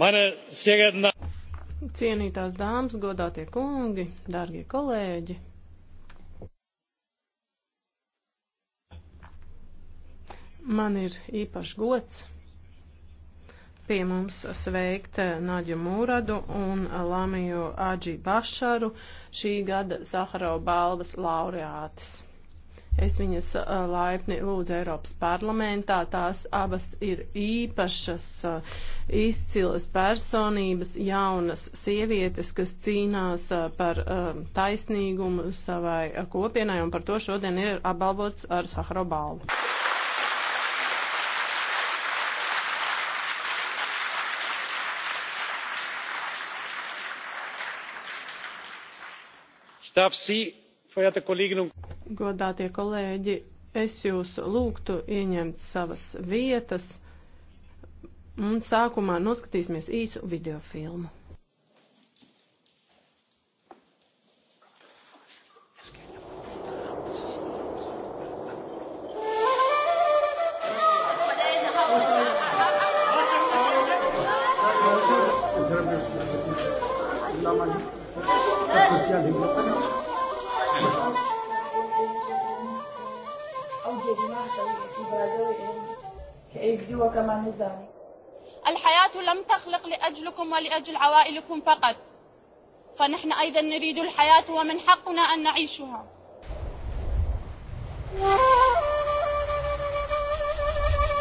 Meine sehr geehrten Cienītās dāmas, godātie kungi, dārgie kolēģi. Man ir īpašs gods pie mums sveikt Naģu Mūradu un Lamiju Aģi Bašaru, šī gada Saharau balvas laureātes. Es viņas laipni lūdzu Eiropas parlamentā. Tās abas ir īpašas, izcilas personības, jaunas sievietes, kas cīnās par taisnīgumu savai kopienai, un par to šodien ir apbalvots ar Sahara balvu. Ich darf Sie, verehrte Kolleginnen nu- und Godātie kolēģi, es jūs lūgtu ieņemt savas vietas un sākumā noskatīsimies īsu videofilmu. La mano. أوجبنا شويتي برجوعهم كإجدوا كما نزام الحياة لم تخلق لأجلكم ولأجل عوائلكم فقط فنحن أيضا نريد الحياة ومن حقنا أن نعيشها